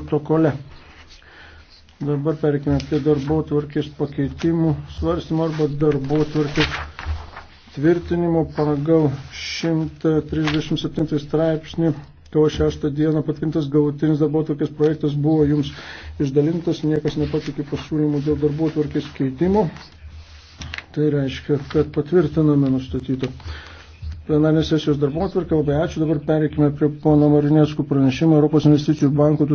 protokole. Dabar perkime prie darbo tvarkės pakeitimų svarstymo arba darbo tvarkės tvirtinimo pagal 137 straipsnį. Kovo 6 dieną patvirtintas galutinis darbo tvarkės projektas buvo jums išdalintas, niekas nepatikė pasiūlymų dėl darbo tvarkės keitimo. Tai reiškia, kad patvirtiname nustatytą plenarinės sesijos darbo tvarkę. Labai ačiū. Dabar pereikime prie pono Marinėskų pranešimo Europos investicijų banko